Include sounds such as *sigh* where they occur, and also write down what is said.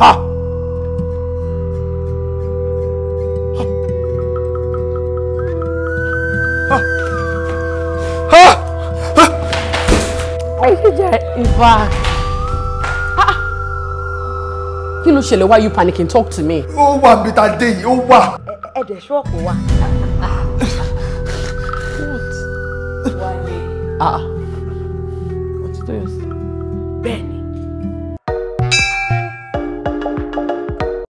ha. back. Ah! Kí ló ṣẹlẹ̀ wá you panicking talk to me. Ó wà níbi tá a eh, yìí, ó wà. Ẹ̀dẹ̀ ṣọ́ọ̀kù wa. *laughs* Wálé.